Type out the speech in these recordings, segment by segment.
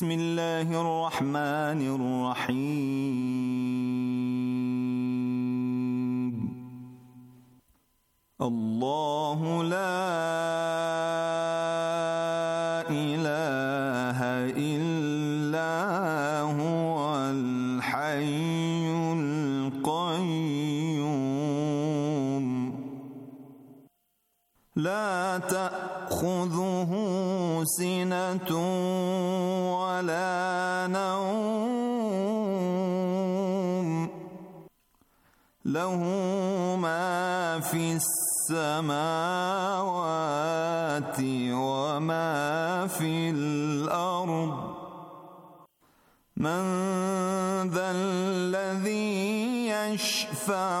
بسم الله الرحمن الرحيم الله لا السماوات وما في الأرض من ذا الذي يشفع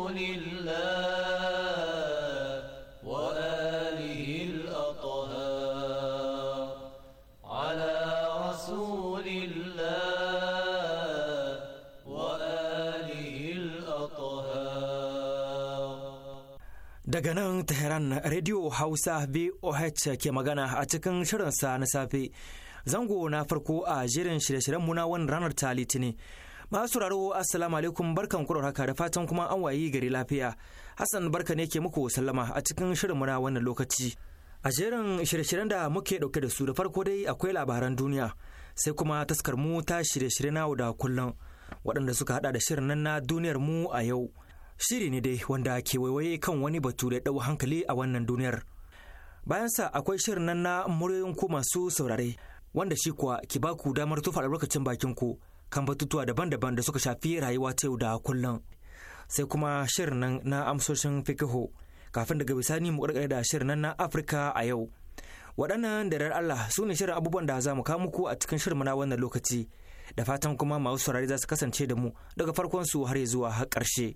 Daga nan Teheran Radio Hausa VOH ke magana a cikin shirinsa na safe. Zango na farko a jirin shirye-shiryen muna wani ranar ta litini. Masu raro Assalamu alaikum barkan kurar haka da fatan kuma an wayi gari lafiya. Hassan barka ne ke muku sallama a cikin shirin muna wannan lokaci. A jerin shirye-shiryen da muke dauke da su da farko dai akwai labaran duniya sai kuma taskar mu ta shirye-shirye na da kullum waɗanda suka haɗa da shirin nan na duniyar mu a yau. shiri ne dai wanda ke waiwaye kan wani batu da ɗau hankali a wannan duniyar bayansa akwai shirin nan na muryoyin ku masu saurare wanda shi kuwa ki ba ku damar tufa albarkacin bakin ku kan batutuwa daban-daban da suka shafi rayuwa ta yau da kullum sai kuma shirin nan na amsoshin fikihu kafin daga bisani mu karkare da shirin nan na Afirka a yau waɗannan da Allah su ne shirin abubuwan da za mu kawo muku a cikin shirin na wannan lokaci da fatan kuma masu saurari za su kasance da mu daga farkon su har zuwa ƙarshe.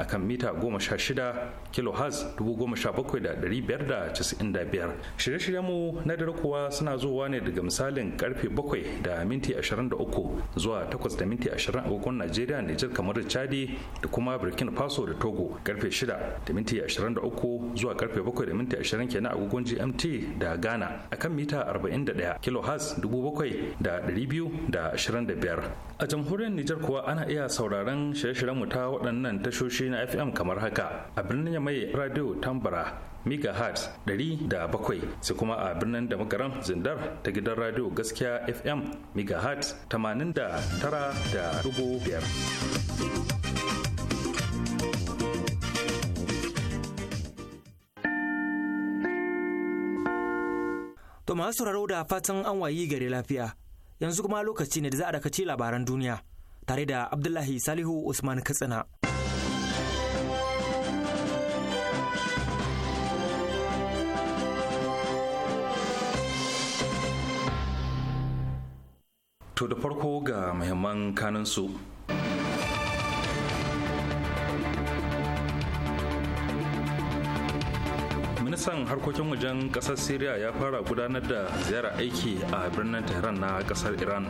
a kan mita 16 kilohertz 17,595 shirye-shiryen mu na dare kuwa suna zuwa ne daga misalin karfe 7 da minti 23 zuwa 8 da minti 20 agogon najeriya nijar kamar da chadi da kuma burkina faso da togo karfe 6 da minti 23 zuwa karfe 7 da minti 20 kenan agogon gmt da ghana a kan mita 41 kilohertz 7,225 a jamhuriyar nijar kuwa ana iya sauraron shirye-shiryen mu ta waɗannan tashoshi na fm kamar haka a birnin mai radio tambara megahertz 107 su kuma a birnin da makaram zindar ta gidan radio gaskiya fm megahertz 89.5 To masu sauraro da fatan an wayi gare lafiya yanzu kuma lokaci ne da za a dakaci labaran duniya tare da Abdullahi Salihu Usman Katsina. To da farko ga muhimman kanansu. Ministan harkokin wajen ƙasar Siriya ya fara gudanar da ziyara aiki a birnin Tehran na ƙasar Iran.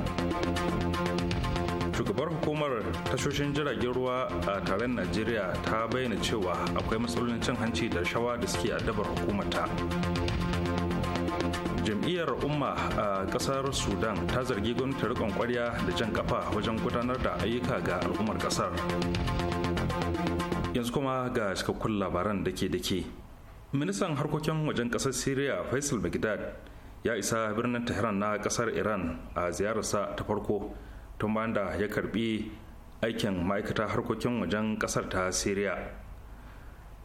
Shugabar hukumar tashoshin jiragen ruwa a taron Najeriya ta bayyana cewa akwai matsalolin cin hanci da shawa da suke addabar hukumarta. ta. jam'iyyar umma a kasar sudan ta zargi gwamnatin rikon kwarya da jan kafa wajen gudanar da ayyuka ga al'ummar kasar yanzu kuma ga cikakkun labaran da ke da ke ministan harkokin wajen kasar syria faisal bagdad ya isa birnin tehran na kasar iran a ziyararsa ta farko tun bayan da ya karbi aikin ma'aikata harkokin wajen kasar ta syria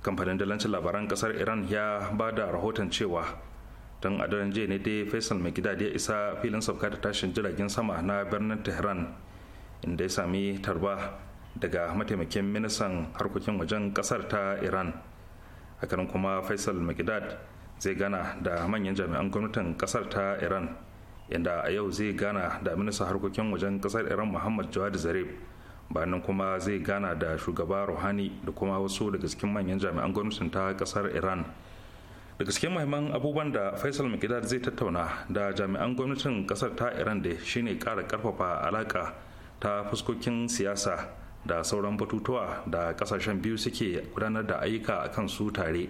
kamfanin dalancin labaran kasar iran ya ba da rahoton cewa tun a daren jiya ne dai faisal mai gida ya isa filin sauka da tashin jiragen sama na birnin tehran inda ya sami tarba daga mataimakin ministan harkokin wajen kasar ta iran hakanan kuma faisal magidad zai gana da manyan jami'an gwamnatin kasar ta iran inda a yau zai gana da ministan harkokin wajen kasar iran muhammad jawad zarif bayan kuma zai gana da shugaba ruhani da kuma wasu daga cikin manyan jami'an gwamnatin ta kasar iran daga cikin mahimman abubuwan da faisal mikidar zai tattauna da jami'an gwamnatin kasar ta iran da shine kara karfafa alaka ta fuskokin siyasa da sauran batutuwa da kasashen biyu suke gudanar da ayyuka a kan su tare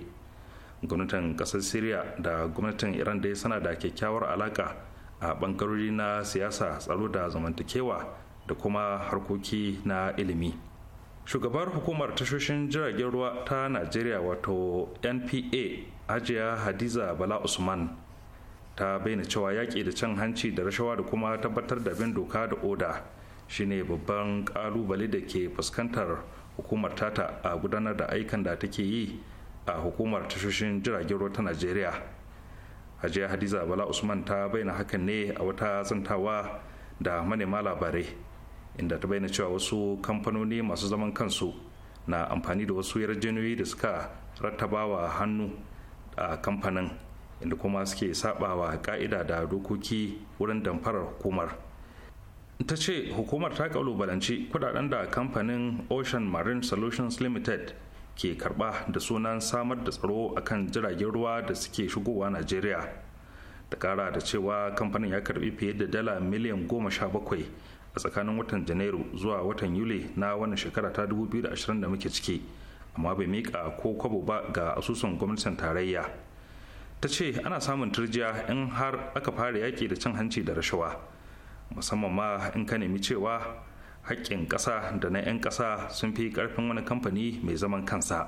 gwamnatin kasar syria da gwamnatin iran dai suna da kyakkyawar alaka a bangarori na siyasa tsaro da zamantakewa da kuma harkoki na ilimi shugabar hukumar tashoshin jiragen ruwa ta najeriya wato npa Ajiya hadiza bala usman ta bayyana cewa yaƙi da cin hanci da rashawa da kuma tabbatar da bin doka da oda shine babban ƙalubale da ke fuskantar hukumar tata a gudanar da aikan da take yi a hukumar tashoshin jiragen ruwa ta najeriya hajiya hadiza bala usman ta bayyana hakan ne a wata zantawa da manema labarai inda ta bayyana cewa wasu kamfanoni masu zaman kansu na amfani da wasu yarjejeniyoyi da suka rattabawa hannu a kamfanin inda kuma suke sabawa ka'ida da dokoki wurin damfarar hukumar ta ce hukumar ta kalubalanci kudaden da kamfanin ocean marine solutions limited ke karba da sunan samar da tsaro a kan jiragen ruwa da suke shigowa nigeria; da kara da cewa kamfanin ya karbi fiye da dala miliyan goma sha bakwai a tsakanin watan janairu zuwa watan yuli na wannan shekara ta 2020 da muke ciki amma bai miƙa ko kwabo ba ga asusun gwamnatin tarayya ta ce ana samun turjiya in har aka fara yaƙi da cin hanci da rashawa musamman ma in ka nemi cewa haƙƙin ƙasa da na 'yan ƙasa sun fi ƙarfin wani kamfani mai zaman kansa.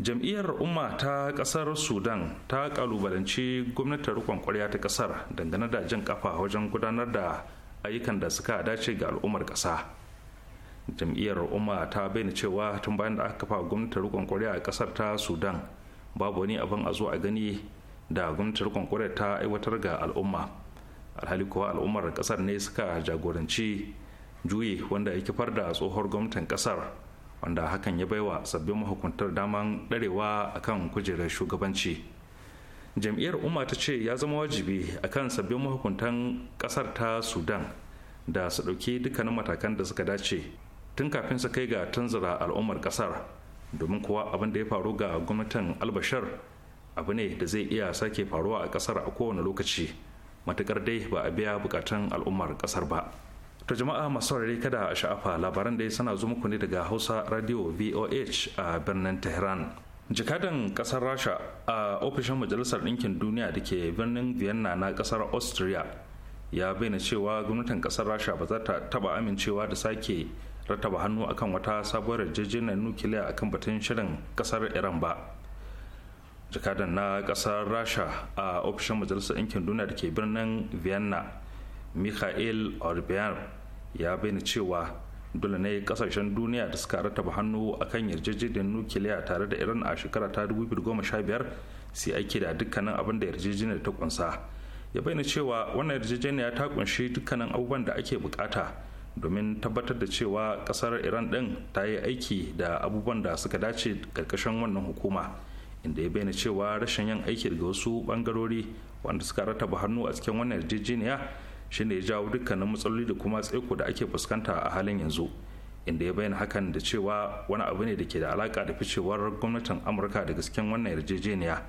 jam'iyyar umma ta ƙasar sudan ta ƙalubalanci gwamnatin rukun ƙwarya ta ƙasar dangane da jin ƙafa wajen gudanar da ayyukan da suka dace ga al'ummar ƙasa. jam'iyyar umma ta bayyana cewa tun bayan da aka kafa gwamnatin rikon kwarya a kasar ta sudan babu wani abin a zo a gani da gwamnatin rikon ta aiwatar ga al'umma alhali kuwa al'ummar kasar ne suka jagoranci juyi wanda ya kifar da tsohuwar gwamnatin kasar wanda hakan ya baiwa sabbin mahukuntar daman darewa akan kujerar shugabanci jam'iyyar umma ta ce ya zama wajibi akan sabbin mahukuntan kasar ta sudan da su ɗauki dukkanin matakan da suka dace tun kafin su kai ga tanzura al'ummar kasar domin kuwa abin da ya faru ga gwamnatin albashar abu ne da zai iya sake faruwa a kasar a kowane lokaci matukar dai ba a biya bukatun al'ummar kasar ba to jama'a masu saurare kada a sha'afa labaran dai suna zo muku ne daga hausa radio voh a birnin tehran jikadan kasar rasha a ofishin majalisar ɗinkin duniya da ke birnin vienna na kasar austria ya bayyana cewa gwamnatin kasar rasha ba za ta taba amincewa da sake rattaba hannu akan wata sabuwar yarjejeniyar nukiliya akan batun shirin kasar iran ba jakadan na kasar rasha a ofishin majalisar ɗinkin duniya da ke birnin vienna mikhail orban ya bayyana cewa dole ne kasashen duniya da suka rattaba hannu akan yarjejeniyar nukiliya tare da iran a shekara ta 2015 sai aiki da dukkanin abin da yarjejeniyar ta kunsa ya bayyana cewa wannan yarjejeniya ta kunshi dukkanin abubuwan da ake bukata domin tabbatar da cewa kasar iran din ta yi aiki da abubuwan da suka dace karkashin wannan hukuma inda ya bayyana cewa rashin yin aiki daga wasu bangarori wanda suka rataba hannu a cikin wannan yarjejeniya shine ya jawo dukkanin matsaloli da kuma tsaiko da ake fuskanta a halin yanzu inda ya bayyana hakan da cewa wani abu ne da ke da alaka da ficewar gwamnatin amurka daga cikin wannan yarjejeniya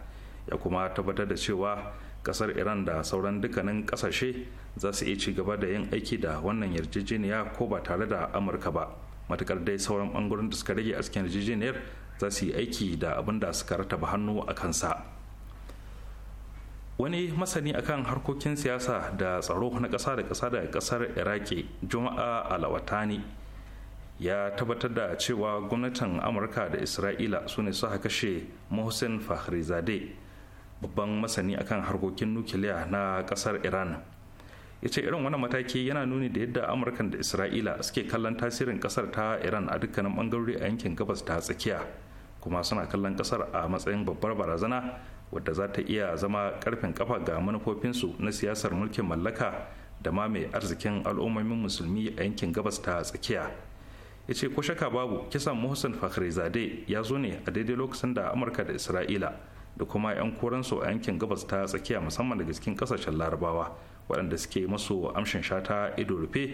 ya kuma tabbatar da cewa kasar iran da sauran dukkanin kasashe za su iya ci gaba da yin aiki da wannan yarjejeniya ko ba tare da amurka ba matukar dai sauran bangaren da suka rage a cikin yarjejeniyar za su yi aiki da abin da suka rataba hannu a kansa wani masani akan harkokin siyasa da tsaro na ƙasa da ƙasa da ƙasar iraki juma'a alawatani ya tabbatar da cewa gwamnatin amurka da isra'ila su ne suka kashe mohsen fahrizade babban masani akan harkokin nukiliya na ƙasar iran ya ce irin wannan mataki yana nuni da yadda amurkan da isra'ila suke kallon tasirin kasar ta iran a dukkanin bangarori a yankin gabas ta tsakiya kuma suna kallon kasar a matsayin babbar barazana wadda za ta iya zama karfin kafa ga manufofinsu na siyasar mulkin mallaka da ma mai arzikin al'ummomin musulmi a yankin gabas ta tsakiya ya ce ko shaka babu kisan muhsin fakhrizade ya zo ne a daidai lokacin da amurka da isra'ila da kuma 'yan koransu a yankin gabas ta tsakiya musamman daga cikin kasashen larabawa waɗanda suke masu amshin shata ido rufe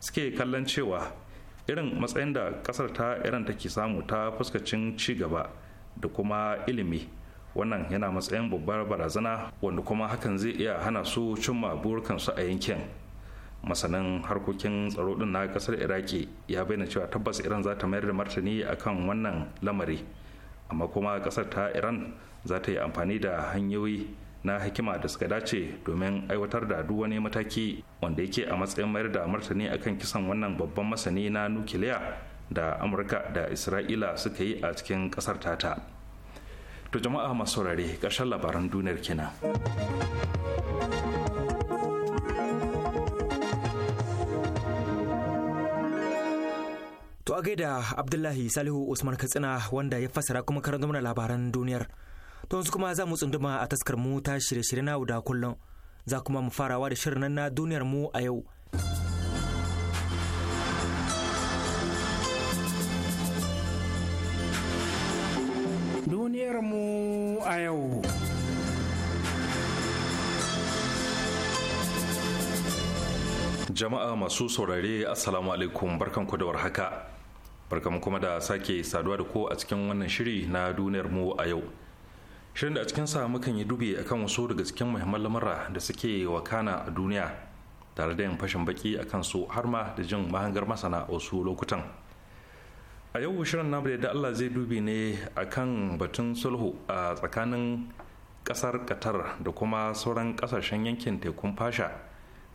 suke kallon cewa irin matsayin da ƙasar ta iran take samu ta fuskacin ci gaba da kuma ilimi wannan yana matsayin babbar barazana wanda kuma hakan zai iya hana su cimma burukansu a yankin masanin harkokin tsaro din na ƙasar iraki ya bayyana cewa tabbas iran za ta mayar da martani akan wannan lamari amma kuma ƙasar ta iran za ta yi amfani da hanyoyi na hikima da suka dace domin aiwatar da duk wani mataki wanda yake a matsayin mayar da martani akan kisan wannan babban masani na nukiliya da amurka da isra'ila suka yi a cikin kasar tata to jama'a masu saurare ƙarshen labaran duniyar kenan To a gaida Abdullahi Salihu Usman Katsina wanda ya fassara kuma karanta mana labaran duniyar. To yanzu kuma za mu tsunduma a taskar mu ta shirye-shirye na da kullum. Za kuma mu farawa da shirin nan na duniyar mu a yau. Duniyar mu a yau. Jama'a masu saurare Assalamu alaikum barkanku da warhaka. Barkanku kuma da sake saduwa da ko a cikin wannan shiri na duniyar mu a yau. shirin da a cikin sa mukan yi dubi akan wasu daga cikin muhimman lamura da suke wakana a duniya tare da yin fashin baki akan su har ma da jin mahangar masana a wasu lokutan a yau shirin namu da Allah zai dubi ne akan batun sulhu a tsakanin kasar qatar da kuma sauran kasashen yankin tekun fasha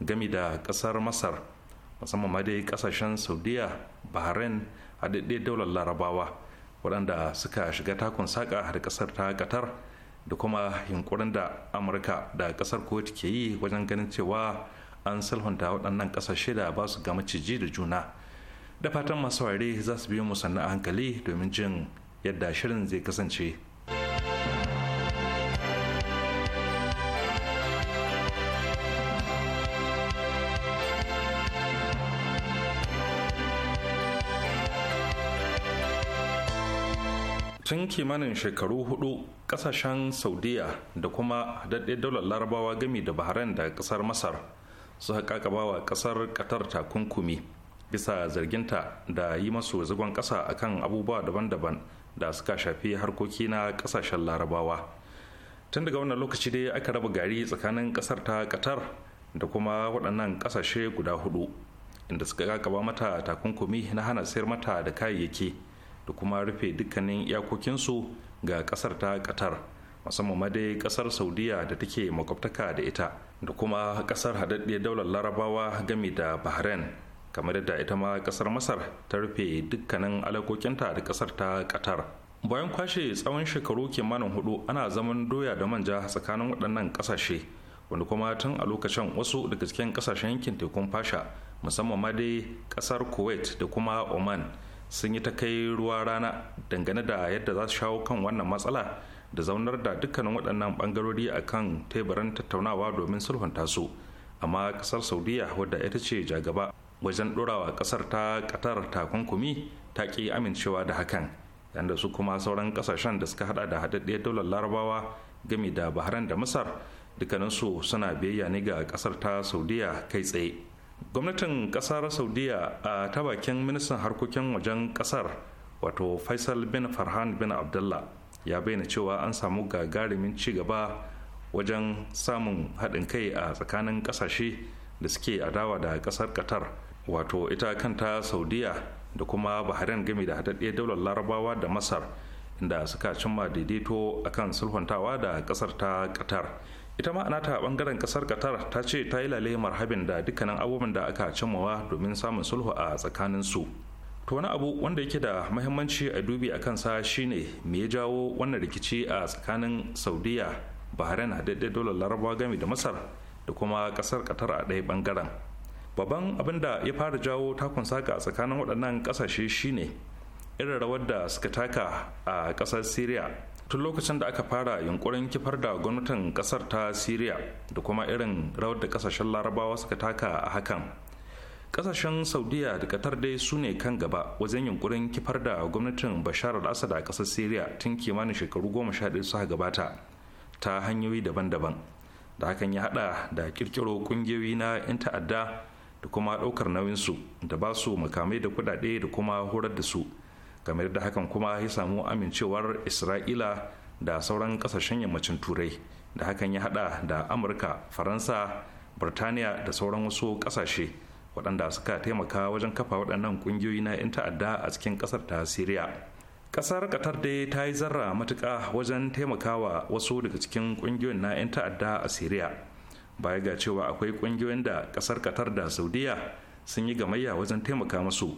gami da kasar masar musamman ma dai kasashen saudiya bahrain haɗaɗɗe daular larabawa waɗanda suka shiga takun saƙa da ƙasar ta qatar da kuma yunkurin da amurka da kasar kotu ke yi wajen ganin cewa an sulhunta waɗannan ƙasashe da ba su ga maciji da juna da fatan masu ware za su biyo musanni a hankali domin jin yadda shirin zai kasance tun kimanin shekaru hudu kasashen saudiya da kuma daɗe daular larabawa gami da bahrain da ƙasar masar suka kakaba wa ƙasar ƙatar takunkumi bisa zarginta da yi masu zagon ƙasa akan abubuwa daban-daban da suka shafi harkoki na ƙasashen larabawa tun daga wannan lokaci dai aka raba gari tsakanin ƙasar ta ƙatar da kuma waɗannan ƙasashe guda hudu inda suka kakaba mata takunkumi na hana sayar mata da kayayyaki da kuma rufe dukkanin iyakokinsu ga kasar ta qatar musamman ma dai kasar saudiya da take makwabtaka da ita da kuma kasar haɗaɗɗiyar daular larabawa gami da bahrain kamar yadda ita ma kasar masar ta rufe dukkanin alakokinta da kasar ta qatar bayan kwashe tsawon shekaru kimanin hudu ana zaman doya da manja tsakanin waɗannan kasashe wanda kuma tun a lokacin wasu daga cikin kasashen yankin tekun fasha musamman ma dai ƙasar kuwait da kuma oman sun yi ta kai ruwa rana dangane da yadda za su shawo kan wannan matsala da zaunar da dukkanin waɗannan ɓangarori a kan teburin tattaunawa domin sulhunta su amma ƙasar saudiya wadda ita ce jagaba wajen ɗorawa ƙasar ta ƙatar takunkumi ta ƙi amincewa da hakan yadda su kuma sauran ƙasashen da suka hada da haɗaɗɗiyar daular larabawa Gami da baharan da masar dukkaninsu suna biyayya ne ga ƙasar ta saudiya kai tsaye gwamnatin kasar saudiya a ta bakin ministan harkokin wajen kasar wato faisal bin farhan bin abdullah ya bayyana cewa an samu gagarumin ci gaba wajen samun haɗin kai a tsakanin ƙasashe da suke adawa da ƙasar qatar wato ita kanta saudiya da kuma bahrain game da haɗaɗɗe daular larabawa da masar inda suka cimma daidaito akan sulhuntawa da ƙasar ta qatar ita ma anata bangaren kasar qatar ta ce ta yi lale marhabin da dukkanin abubuwan da aka cimmawa domin samun sulhu a tsakanin su to wani abu wanda yake da mahimmanci a dubi a kansa shine me ya jawo wannan rikici a tsakanin saudiya bahrain daidai dolar larabawa game da masar da kuma kasar qatar a ɗaya bangaren babban abin da ya fara jawo takun saka a tsakanin waɗannan ƙasashe shine irin rawar da suka taka a ƙasar syria tun lokacin da aka fara yunkurin kifar da gwamnatin kasar ta syria da kuma irin rawar da kasashen larabawa suka taka a hakan kasashen saudiya da qatar dai su ne kan gaba wajen yunkurin kifar da gwamnatin bashar al-assad a kasar syria tun kimanin shekaru goma sha ɗaya suka gabata ta hanyoyi daban-daban da hakan ya hada da kirkiro kungiyoyi na 'yan ta'adda da kuma ɗaukar nauyinsu da ba su makamai da kuɗaɗe da kuma horar da su kamar da hakan kuma ya samu amincewar isra'ila da sauran kasashen yammacin turai da hakan ya hada da amurka faransa birtaniya da sauran wasu kasashe waɗanda suka taimaka wajen kafa waɗannan ƙungiyoyi na 'yan ta'adda a cikin ƙasar ta siriya ƙasar ƙatar dai ta yi zarra matuƙa wajen taimakawa wasu daga cikin ƙungiyoyin na 'yan ta'adda a siriya baya ga cewa akwai ƙungiyoyin da ƙasar qatar da saudiya sun yi gamayya wajen taimaka musu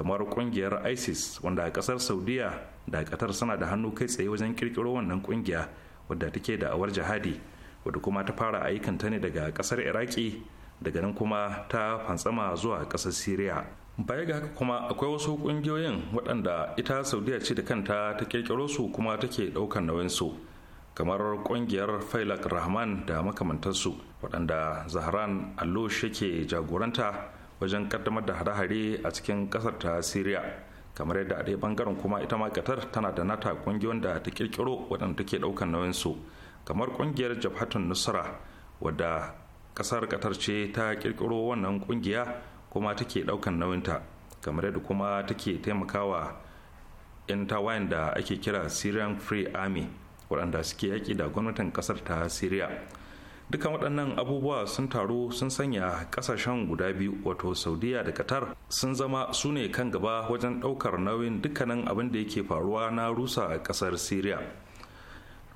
kamar kungiyar isis wanda kasar saudiya da katar suna da hannu kai tsaye wajen kirkiro wannan kungiya wadda take da awar jihadi wadda kuma ta fara ta ne daga kasar iraki daga nan kuma ta fantsama zuwa kasar syria baya ga haka kuma akwai wasu kungiyoyin waɗanda ita saudiya ce da kanta ta kirkiro su kuma take ɗaukar nauyinsu kamar kungiyar failak rahman da makamantarsu waɗanda zahran allo shake jagoranta wajen kaddamar da hare-hare a cikin kasar ta syria kamar yadda a ɗaya bangaren kuma ita ma qatar tana da nata kungiyoyin da ta kirkiro waɗanda take ɗaukar nauyin su kamar ƙungiyar jabhatun nusra wadda kasar qatar ce ta kirkiro wannan ƙungiya kuma take ɗaukar nauyinta kamar yadda kuma take taimakawa 'yan tawayen da ake kira syrian free army waɗanda suke yaƙi da gwamnatin kasar ta syria dukan waɗannan abubuwa sun taru sun sanya ƙasashen guda biyu wato saudiya da qatar sun zama su ne kan gaba wajen ɗaukar nauyin dukkanin abin da yake faruwa na rusa a ƙasar syria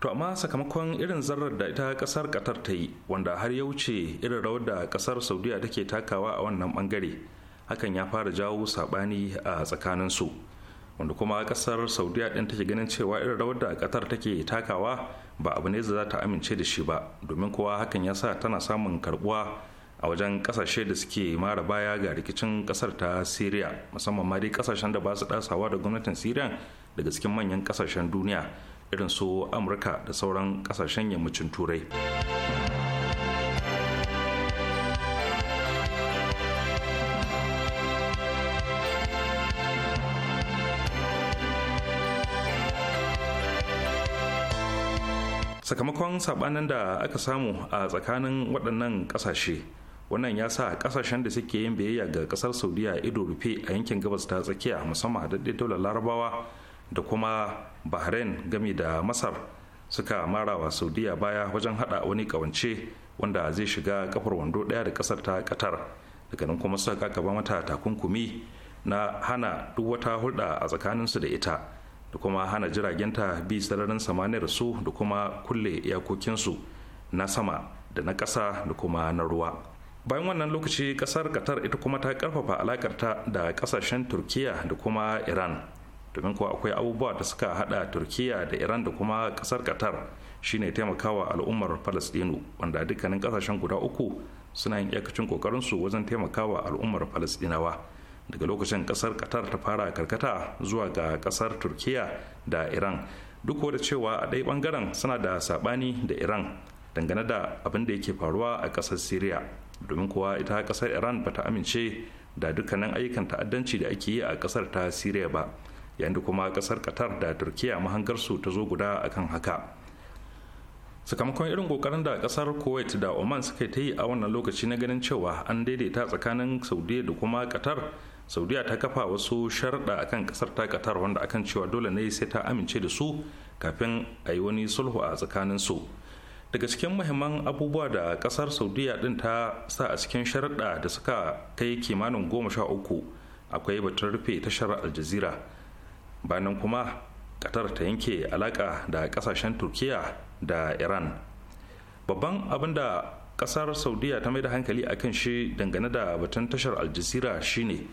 to amma sakamakon irin zarar da ita ƙasar qatar ta yi wanda har ya wuce irin rawar da ƙasar saudiya take takawa a wannan ɓangare hakan ya fara jawo saɓani a tsakanin su wanda kuma ƙasar saudiya ɗin take ganin cewa irin rawar da qatar take takawa ba abu ne za ta amince da shi ba domin kowa hakan ya sa tana samun karbuwa a wajen kasashe da suke mara baya ga rikicin kasar ta syria musamman ma dai kasashen da ba su dasawa da gwamnatin syria daga cikin manyan kasashen duniya irin su amurka da sauran kasashen yammacin turai sakamakon sabanin da aka samu a tsakanin waɗannan ƙasashe wannan ya sa ƙasashen da suke yin biyayya ga ƙasar saudiya ido rufe a yankin gabas ta tsakiya musamman a daɗe daular larabawa da kuma bahrain gami da masar suka marawa saudiya baya wajen haɗa wani ƙawance wanda zai shiga kafar wando ɗaya da ƙasar ta ƙatar daga nan kuma suka kaba mata takunkumi na hana duk wata hulɗa a tsakaninsu da ita da kuma hana ta bi sararin samaniyar su da kuma kulle iyakokinsu na sama da na ƙasa da kuma na ruwa bayan wannan lokaci ƙasar qatar ita kuma ta ƙarfafa alakarta da ƙasashen turkiya da kuma iran domin kuwa akwai abubuwa da suka hada turkiya da iran da kuma ƙasar qatar shine taimakawa al'ummar palestinu wanda dukkanin ƙasashen guda uku suna yin iyakacin ƙoƙarinsu wajen taimakawa al'ummar palestinawa daga lokacin kasar qatar ta fara karkata zuwa ga kasar turkiya da iran duk da cewa a ɗaya bangaren suna da saɓani da iran dangane da abin da yake faruwa a ƙasar syria domin kuwa ita kasar iran ba ta amince da dukkanin ayyukan ta'addanci da ake yi a ƙasar ta syria ba yayin da kuma ƙasar qatar da turkiya mahangarsu ta zo guda akan haka sakamakon irin kokarin da kasar kuwait da oman suka ta yi a wannan lokaci na ganin cewa an daidaita tsakanin saudiya da kuma qatar saudiya ta kafa wasu sharda akan ƙasar ta katar wanda akan cewa dole ne sai ta amince da su kafin a yi wani sulhu a tsakanin su daga cikin muhimman abubuwa da ƙasar saudiya din ta sa a cikin sharda da suka kai kimanin goma sha uku akwai batun rufe tashar aljazira bayan kuma ƙatar ta yanke alaƙa da ƙasashen turkiya da iran babban abin da ƙasar saudiya ta mai da hankali akan shi dangane da batun tashar aljazira shine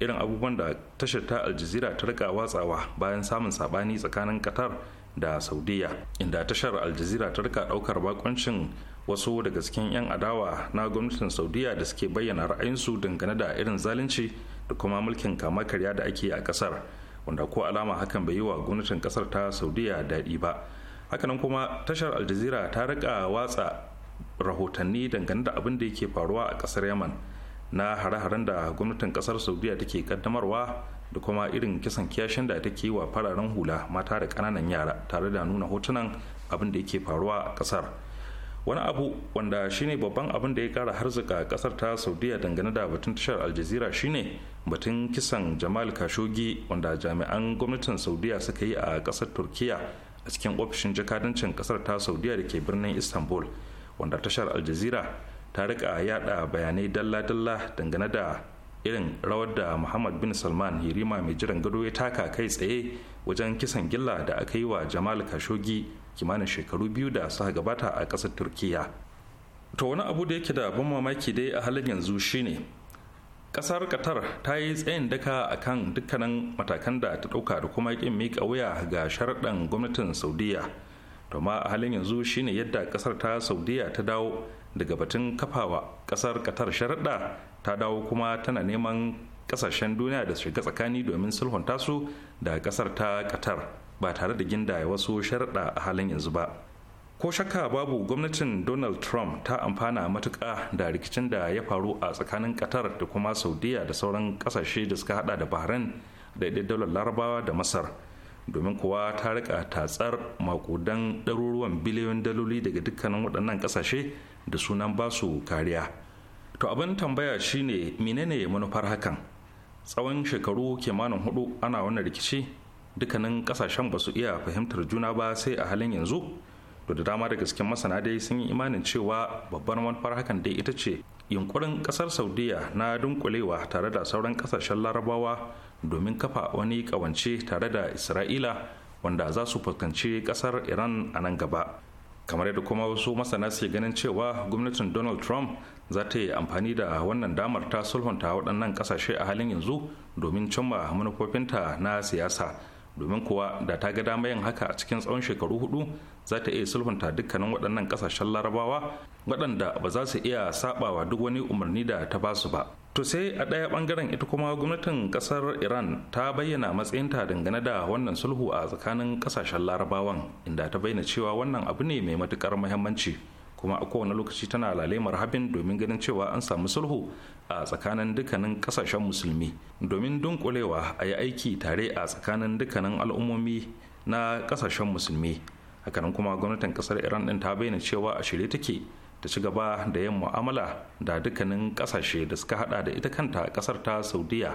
irin abubuwan da tashar ta aljazira ta rika watsawa bayan samun sabani tsakanin qatar da saudiya inda tashar aljazira ta rika daukar bakoncin wasu daga cikin 'yan adawa na gwamnatin saudiya da suke bayyana ra'ayinsu dangane da irin zalunci da kuma mulkin kama karya da ake a kasar wanda ko alama hakan bai yi wa gwamnatin kasar ta saudiya daɗi ba hakanan kuma tashar aljazira ta rika watsa rahotanni dangane da abin da yake faruwa a kasar yaman na hare-haren da gwamnatin kasar saudiya take kaddamarwa da kuma irin kisan kiyashin da take yi wa fararen hula mata da kananan yara tare da nuna hotunan abin da yake faruwa a kasar wani abu wanda shine babban abin da ya kara harzuka kasar ta saudiya dangane da batun tashar aljazira shine batun kisan jamal kashogi wanda jami'an gwamnatin saudiya suka yi a kasar turkiya a cikin ofishin jakadancin kasar ta saudiya da ke birnin istanbul wanda tashar aljazira ta rika yada bayanai dalla-dalla dangane da irin rawar da muhammad bin salman hirima mai jiran gado ya taka kai tsaye wajen kisan gilla da aka yi wa jamal khashoggi kimanin shekaru biyu da suka gabata a ƙasar turkiya to wani abu da yake da ban mamaki dai a halin yanzu shine ƙasar qatar ta yi tsayin daka akan dukkanin matakan da ta ɗauka da kuma kin miƙa wuya ga sharaɗan gwamnatin saudiya to ma a halin yanzu shine yadda ƙasar ta saudiya ta dawo daga batun kafawa kasar qatar sharaɗa ta dawo kuma tana neman kasashen duniya da shiga tsakani domin sulhunta su da kasar ta qatar ba tare da gindaya wasu sharaɗa a halin yanzu ba ko shakka babu gwamnatin donald trump ta amfana matuƙa da rikicin da ya faru a tsakanin qatar da kuma saudiya da sauran kasashe da suka hada da bahrain da daular larabawa da masar domin kuwa ta rika tatsar makudan ɗaruruwan biliyon daloli daga dukkanin waɗannan ƙasashe da sunan basu kariya to abin tambaya shine menene manufar hakan tsawon shekaru kimanin hudu ana wannan rikici dukkanin kasashen ba su iya fahimtar juna ba sai a halin yanzu to da dama da gasken masana dai sun yi imanin cewa babbar manufar hakan dai ita ce yunkurin kasar saudiya na dunkulewa tare da sauran kasashen larabawa domin kafa wani kawance tare da isra'ila wanda za su fuskanci kasar iran a nan gaba kamar yadda kuma wasu masana suke ganin cewa gwamnatin donald trump za ta yi amfani da wannan damar ta sulhunta waɗannan ƙasashe a halin yanzu domin cimma manufofinta na siyasa domin kuwa da ta ga dama yin haka a cikin tsawon shekaru hudu za ta iya sulhunta dukkanin waɗannan ƙasashen larabawa waɗanda ba za su iya saɓawa duk wani umarni da ta basu ba to sai a ɗaya ɓangaren ita kuma gwamnatin ƙasar iran ta bayyana matsayinta dangane da wannan sulhu a tsakanin ƙasashen larabawan inda ta bayyana cewa wannan abu ne mai matuƙar muhimmanci kuma a kowane lokaci tana lalemar habin domin ganin cewa an samu sulhu a tsakanin dukkanin ƙasashen musulmi domin dunkulewa a yi aiki tare a tsakanin dukkanin al'ummomi na ƙasashen musulmi hakanan kuma gwamnatin ƙasar iran ɗin ta bayyana cewa a shirye take ta ci gaba da yin mu'amala da dukkanin kasashe da suka hada da ita kanta kasar ta saudiya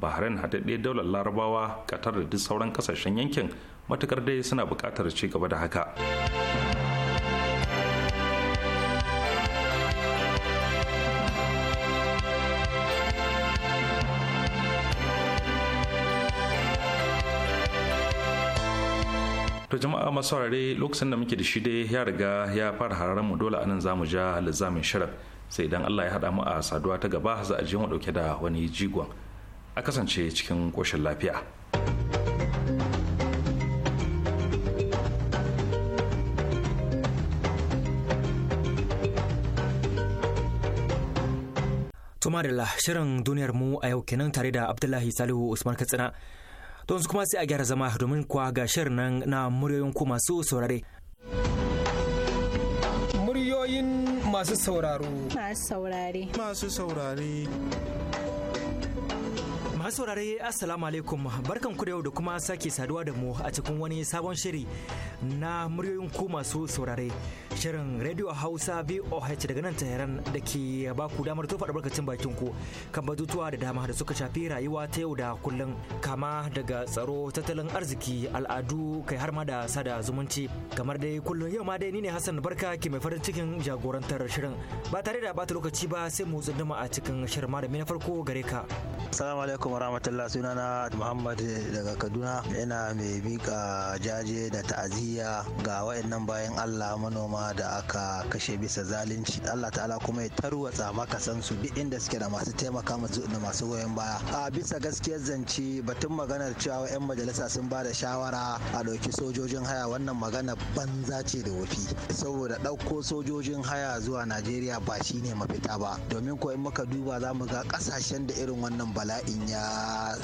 bahrain haɗaɗɗe daular larabawa qatar da duk sauran kasashen yankin matukar dai suna buƙatar ci gaba da haka to jama'a masu saurare lokacin da muke da shi dai ya riga ya fara hararren mu dole anan zamu ja lizamin shirin sai idan Allah ya hada mu a saduwa ta gaba za a je mu dauke da wani jigon a kasance cikin koshin lafiya. Tumarila shirin duniyar mu a yau kenan tare da Abdullahi Salihu Usman Katsina don su kuma sai a gyara zama domin kuwa ga shirin nan na muryoyin ku masu saurare. Muryoyin masu sauraro. Masu saurare. Masu saurare. masaurare assalamu alaikum barkan ku da yau da kuma sake saduwa da mu a cikin wani sabon shiri na muryoyin ku masu saurare shirin radio hausa voh daga nan taheran da ke ba ku damar tofa albarkacin bakin ku kan batutuwa da dama da suka shafi rayuwa ta yau da kullum kama daga tsaro tattalin arziki al'adu kai har ma da sada zumunci kamar dai kullum yau ma dai ni ne hassan barka ke mai farin cikin jagorantar shirin ba tare da bata lokaci ba sai mu tsunduma a cikin shirin malami na farko gare ka assalamu alaikum alaikum sunana Muhammad daga Kaduna yana mai bika jaje da ta'aziyya ga waɗannan bayan Allah manoma da aka kashe bisa zalunci Allah ta'ala kuma ya tarwatsa makasan su duk inda suke da masu taimaka musu da masu goyon baya a bisa gaskiyar zance batun maganar cewa yan majalisa sun ba da shawara a ɗauki sojojin haya wannan magana banza ce da wofi saboda ɗauko sojojin haya zuwa Najeriya ba shine mafita ba domin ko in muka duba za mu ga ƙasashen da irin wannan bala'in ya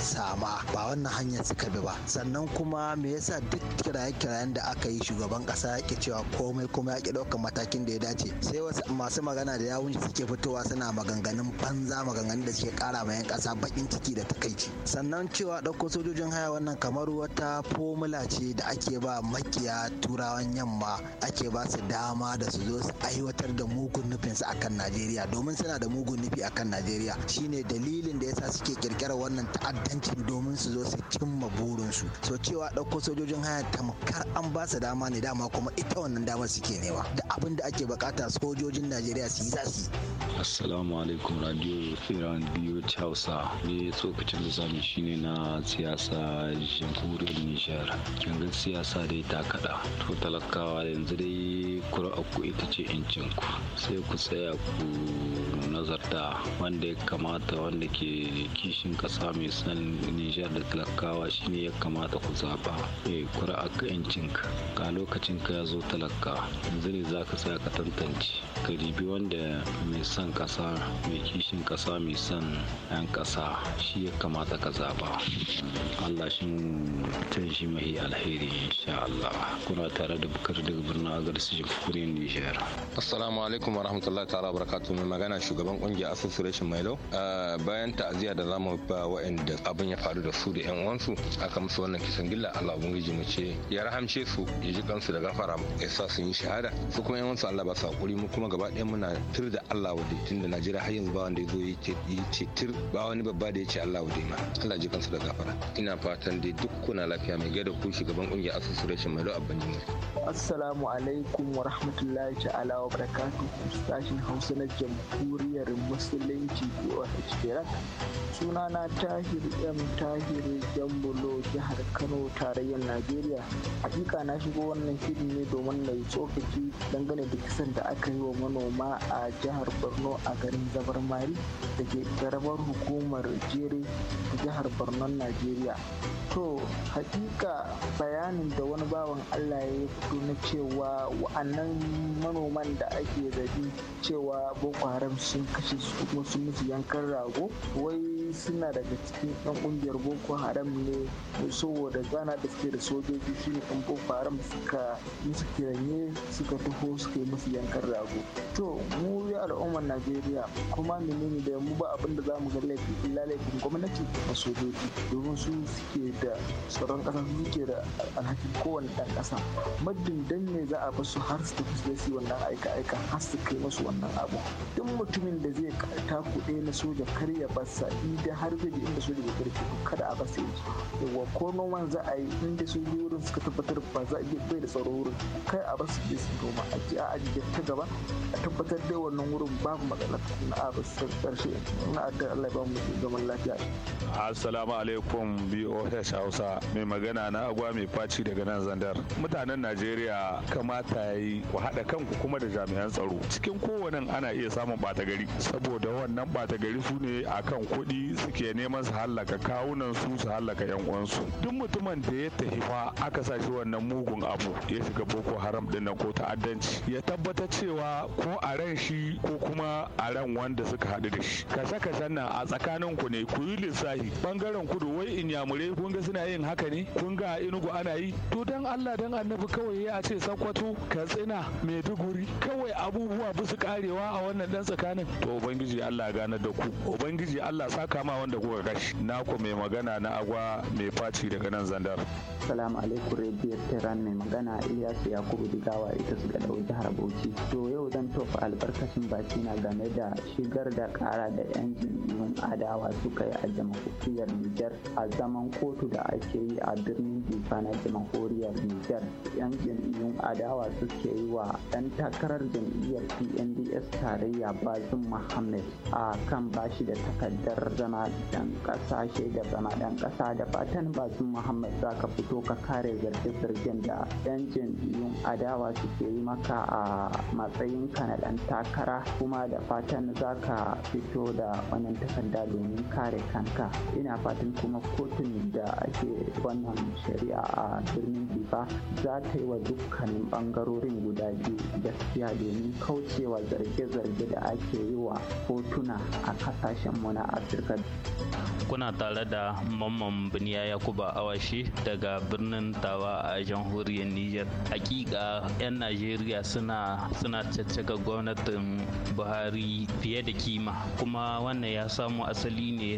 sama ba wannan hanyar suka bi ba sannan kuma me yasa duk kiraye-kirayen da aka yi shugaban kasa ya cewa komai kuma ya ke ɗaukar matakin da ya dace sai wasu masu magana da yawun suke fitowa suna maganganun banza maganganun da suke kara ma yan kasa bakin ciki da takaici sannan cewa ɗauko sojojin haya wannan kamar wata fomula ce da ake ba makiya turawan yamma ake ba su dama da su zo su aiwatar da mugun nufinsu akan najeriya domin suna da mugun nufi akan najeriya shine dalilin da yasa suke kirkirar wannan ta'addancin domin su zo su cimma burinsu so cewa ɗauko sojojin haya tamkar an ba su dama ne dama kuma ita wannan damar suke nema da abin da ake bukata sojojin najeriya su yi za su yi assalamu alaikum radio iran biyu hausa ne tsokacin da zamu shine na siyasa jamhuriyar nijar yanzu siyasa dai ta kaɗa to talakawa yanzu dai ku ita ce ku sai ku tsaya ku nazarta wanda ya kamata wanda ke kishin ƙasa ƙasa mai son Nijar da talakawa shine ya kamata ku zaba e eh, kura ka yancinka ga lokacin ka ya zo talaka yanzu ne za ka sa ka tantance ka ribi wanda mai son kasa mai kishin kasa mai son 'yan kasa shi ya kamata ka zaba Allah shi mutum shi mahi alheri insha Allah kuna tare da bukar da birnin agarsu jamhuriyar Nijar. Assalamu alaikum warahmatullahi ta'ala barakatuhu mai magana shugaban kungiyar association Mailo eh, bayan ta'aziyya da zamu ba wa'anda abin ya faru da su da yan uwansu aka musu wannan kisan gilla Allah gaji mu ce ya rahamce su ya ji kansu da gafara ya sa sun yi shahada su kuma yan uwansu Allah ba su hakuri mu kuma gaba ɗaya muna tir da Allah wa tun da Najeriya har yanzu ba wanda ya zo ya ce tir ba wani babba da ya ce Allah wa ma Allah ji kansu da gafara ina fatan dai duk kuna lafiya mai gaida ku shugaban kungiyar asusu rashin mai abban jini assalamu alaikum wa rahmatullahi ta'ala wa barakatu sashin Hausa na jamhuriyar musulunci ko wata Suna na tahir m tahir bulo jihar kano tarayyar najeriya hakika na shigo wannan shiri ne domin na yi tsokaci dangane da kisan da aka yi wa manoma a jihar borno a garin zabar mari da ke garabar hukumar jere jihar borno najeriya to hakika bayanin da wani bawan allah ya fito na cewa wa'annan manoman da ake zabi cewa boko haram sun kashe su kuma sun musu yankan rago wai suna daga cikin ɗan ƙungiyar boko haram ne saboda gana da suke da sojoji ne ɗan boko haram suka musu kiranye suka taho suka yi musu yankar rago to mu ya al'ummar najeriya kuma menene da mu ba abin da za mu ga laifi illa laifin gwamnati da sojoji domin su suke da tsaron ƙasa su suke da alhakin kowane ɗan ƙasa muddin dan ne za a su har su tafi su wannan aika-aika har su kai musu wannan abu duk mutumin da zai taku ɗaya na soja kar ya basa in idan har zai je inda su da karfi kada a basa yanzu yawa ko noman za a yi inda su yi wurin suka tabbatar ba za a iya bai da tsaro wurin kai a basu je su noma a ji a ajiye ta gaba a tabbatar da wannan wurin babu matsala na a basu karshe na addan Allah ya ba mu zaman lafiya assalamu alaikum BOH Hausa mai magana na agwa mai faci daga nan zandar mutanen Najeriya kamata ya yi ku haɗa kanku kuma da jami'an tsaro cikin kowane ana iya samun ɓata gari saboda wannan ɓata gari su ne akan kuɗi suke neman su hallaka kawunan su su hallaka yan uwansu duk mutumin da ya tafi fa aka sa shi wannan mugun abu ya shiga boko haram din nan ko ta'addanci ya tabbata cewa ko a ran shi ko kuma a ran wanda suka haɗu da shi kashe kashen nan a tsakanin ku ne ku yi lissafi bangaren kudu wai inyamurai kun ga suna yin haka ne kun ga inugu ana yi to dan Allah dan annabi kawai ya ce sakwato katsina maiduguri kawai abubuwa bisu karewa a wannan dan tsakanin to ubangiji Allah gane da ku ubangiji Allah saka kama wanda kuka kashi ku mai magana na agwa mai faci daga nan zandar salamu alaikum radio tehran mai magana ilyasu yakubu digawa ita su dau jihar bauchi to yau zan tofa albarkacin baki na game da shigar da kara da yan jam'iyyun adawa suka yi a jamhuriyar nijar a zaman kotu da ake yi a birnin jifa na jamhuriyar nijar yan jam'iyyun adawa suke yi wa dan takarar jam'iyyar pnds tarayya bazin muhammad a kan bashi da takardar zama zama dan ƙasa shaidar zama dan ƙasa da fatan bakin muhammad za ka fito ka kare zarge-zargen da yan jam'iyyun adawa suke yi maka a matsayin ka na dan takara kuma da fatan za ka fito da wannan takarda domin kare kanka ina fatan kuma kotun da ake wannan shari'a a birnin bifa za ta yi wa dukkanin ɓangarorin guda biyu gaskiya domin kaucewa zarge-zarge da ake yi wa kotuna a kasashenmu na afirka kuna tare da mamman biniya yakuba awashi daga birnin tawa a jamhuriyar niger hakika 'yan najeriya suna suna caccaka gwamnatin buhari fiye da kima kuma wannan ya samu asali ne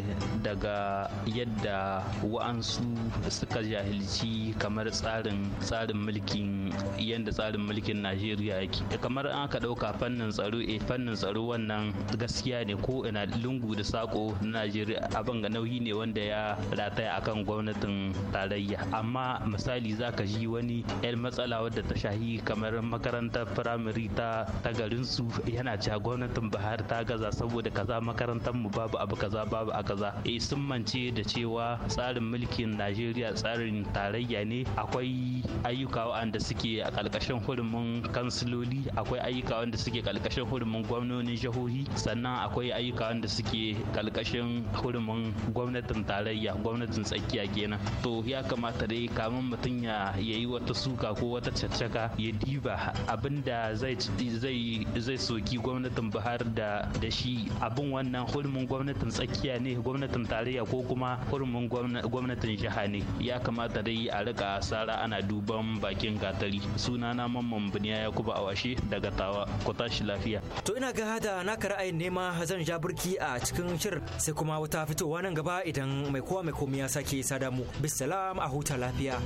daga yadda wa'ansu suka jahilci kamar tsarin tsarin mulkin yadda tsarin mulkin najeriya yake kamar an ka ɗauka fannin tsaro e fannin tsaro wannan gaskiya ne ko ina lungu da sako na najeriya abin ga nauyi ne wanda ya rataya akan gwamnatin tarayya amma misali za ka ji wani yan matsala wadda ta shahi kamar makarantar firamare ta ta garinsu yana cewa gwamnatin bahar ta gaza saboda kaza makarantar mu babu abu kaza babu a kaza eh sun mance da cewa tsarin mulkin najeriya tsarin tarayya ne akwai ayyuka wanda suke a ƙarƙashin hurumin kansiloli akwai ayyuka wanda suke ƙarƙashin hurumin gwamnonin jihohi sannan akwai ayyuka wanda suke ƙarƙashin hurumin gwamnatin tarayya gwamnatin tsakiya kenan to ya kamata dai kamun mutum ya yi wata suka ko wata caccaka ya diba abinda zai zai zai soki gwamnatin Buhar da da shi abin wannan hurumin gwamnatin tsakiya ne gwamnatin tarayya ko kuma hurumin gwamnatin jiha ne ya kamata dai a rika sara ana duban bakin gatari sunana mamman biniya yakuba awashe daga tawa ku tashi lafiya to ina ga hada naka ra'ayin nema zan ja burki a cikin shirin sai kuma wata fitowa nan gaba idan mai kowa mai komi ya sake sada mu bisalam a huta lafiya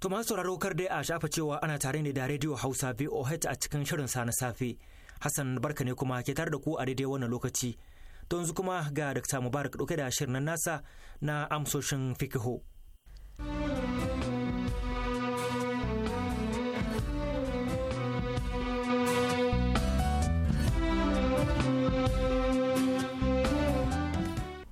to masu sauraro kar dai a shafa cewa ana tare ne da rediyo hausa voh a cikin shirin sa na safe hassan barka ne kuma ke tare da ku a daidai wannan lokaci to yanzu kuma ga dakta mubarak dauke da shirin nasa na amsoshin fikiho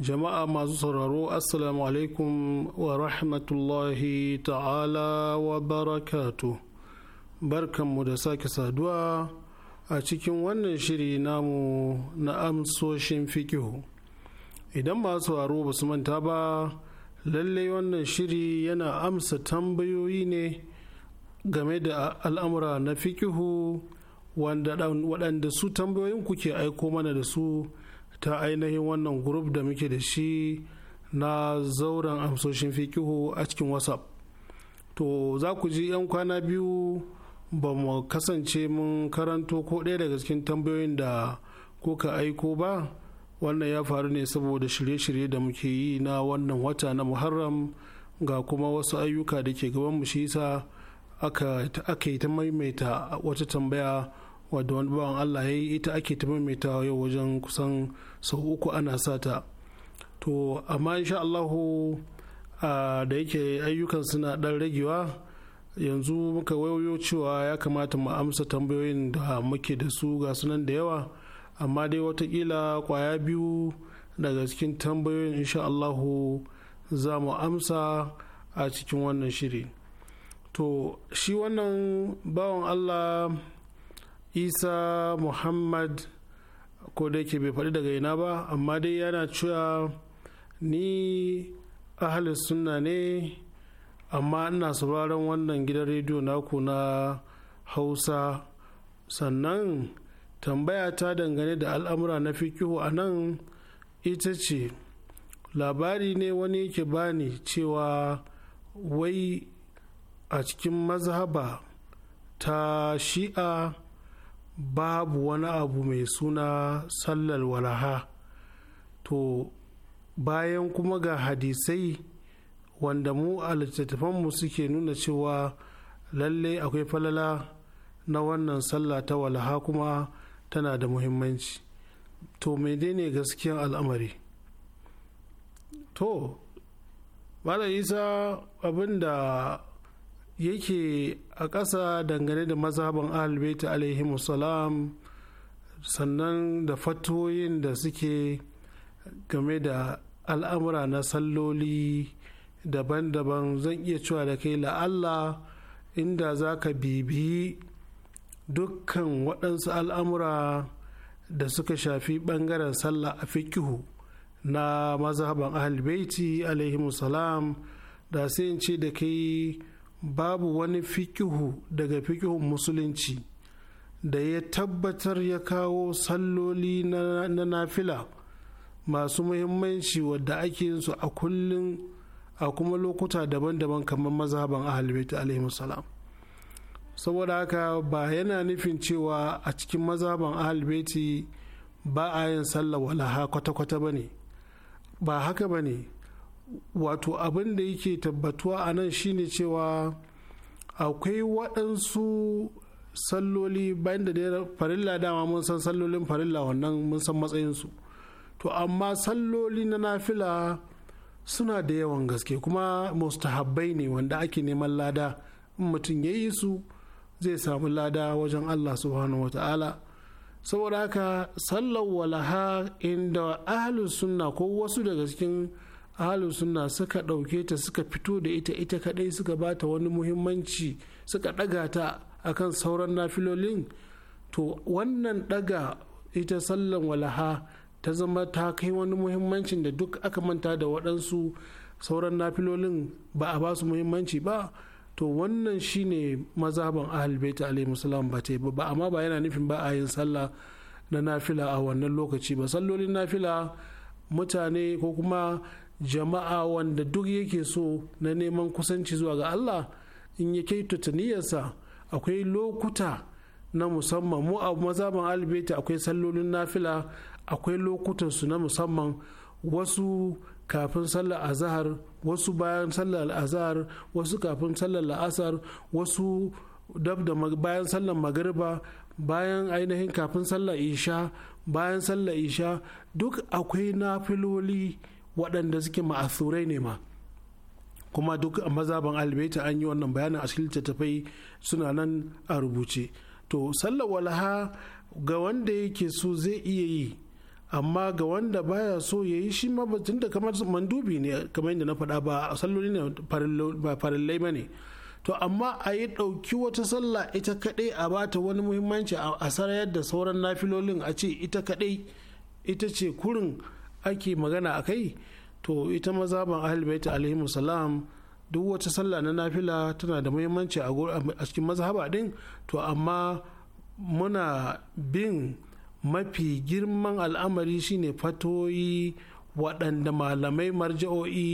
jama'a masu sauraro assalamu alaikum wa rahmatullahi ta'ala wa barakatu barkanmu da sake saduwa a cikin wannan shiri namu na amsoshin fikihu idan masu sauraro ba su manta ba lallai wannan shiri yana amsa tambayoyi ne game da al'amura na fikihu waɗanda su tambayoyin kuke aiko mana da su ta ainihin wannan group da muke da shi na zauren amsoshin fikihu a cikin whatsapp to za ku ji 'yan kwana biyu ba mu kasance mun karanto ko ɗaya daga cikin tambayoyin da kuka aiko ba wannan ya faru ne saboda shirye-shirye da muke yi na wannan wata na muharram ga kuma wasu ayyuka da ke gaban mu shi yasa aka yi ta maimaita wata tambaya wadda wani bawan Allah ya yi ita ake ta maimaita yau wajen kusan sau uku ana sata to amma insha Allahu da yake ayyukan suna dan ragewa yanzu muka wayoyo cewa ya kamata mu amsa tambayoyin da muke da su ga sunan da yawa amma dai watakila kwaya biyu daga cikin tambayoyin insha Allahu za mu amsa a cikin wannan shiri to shi wannan bawan Allah isa muhammad ko da yake bai faɗi daga ina ba amma dai yana cewa ni ahalis sunna ne amma ina sauraron wannan gidan rediyo naku na hausa sannan tambaya ta dangane da al'amura na fikihu a nan ita ce labari ne wani yake bani cewa wai a cikin mazhaba ta shi'a babu wani abu mai suna sallar walaha to bayan kuma ga hadisai wanda mu a mu suke nuna cewa lalle akwai falala na wannan sallah ta walaha kuma tana da muhimmanci to ne gaskiyan al'amari to malam isa abinda yake a ƙasa dangane da mazhaban ahalbaita alaihi musalam sannan da fatoyin da suke game da al'amura na salloli daban-daban zan iya cewa da kai la'alla inda za ka bibi dukkan waɗansu al'amura da suka shafi ɓangaren sallah a fikihu na mazhaban ahalbaiti alaihi musalam da sai in ce da kai babu wani fikihu daga fikihun musulunci da ya tabbatar ya kawo salloli na nafila masu muhimmanci wadda ake yin su a kullum a kuma lokuta daban-daban kamar mazhaban ahalibaita alaihi salam saboda haka ba yana nufin cewa a cikin mazhaban ahalibaita ba a yin sallah walaha kwata-kwata ba ne ba haka ba ne wato abin da yake tabbatuwa a nan shine cewa akwai waɗansu salloli bayan da dai farilla dama mun san sallolin farilla wannan mun san matsayinsu to amma salloli na nafila suna da yawan gaske kuma mustahabbai ne wanda ake neman lada in mutum ya yi su zai samu lada wajen allah subhanahu wa ta'ala saboda haka sallar walaha inda ahalin sunna ko wasu daga cikin ahalin suna suka ɗauke ta suka fito da ita ita kadai suka ba ta wani muhimmanci suka ɗaga ta kan sauran nafilolin to wannan ɗaga ita sallan walaha ta zama ta kai wani muhimmancin da duk aka manta da waɗansu sauran nafilolin ba a ba su muhimmanci ba to wannan shine mazaban ahal baita alaihi musulam ba ta ba amma ba yana nufin ba a yin sallah na nafila a wannan lokaci ba sallolin nafila mutane ko kuma jama'a wanda duk yake so na neman kusanci zuwa ga Allah in ya kai niyyarsa akwai lokuta na musamman mu a mazaban albeta akwai sallolin nafila akwai lokutansu na musamman wasu kafin sallar azahar wasu bayan sallar azahar wasu kafin sallar la'asar wasu dab da bayan sallar magariba bayan ainihin kafin sallar isha bayan sallar isha duk akwai nafiloli waɗanda suke ma'asurai ne ma kuma duk a mazaban albaita an yi wannan bayanin a cikin littattafai suna nan a rubuce to sallar walaha ga wanda yake so zai iya yi amma ga wanda baya so ya yi shi ma da kamar mandubi ne kamar yadda na faɗa ba salloli ne ba farillai ba ne to amma a yi ɗauki wata sallah ita kaɗai a bata wani muhimmanci a sarayar da sauran nafilolin a ce ita kaɗai ita ce kurin ake magana a kai to ita mazaban ahalbaita alaihi salam duk wata sallah na nafila tana da muhimmanci a cikin mazhaba din to amma muna bin mafi girman al'amari shine fatoyi waɗanda malamai marja'o'i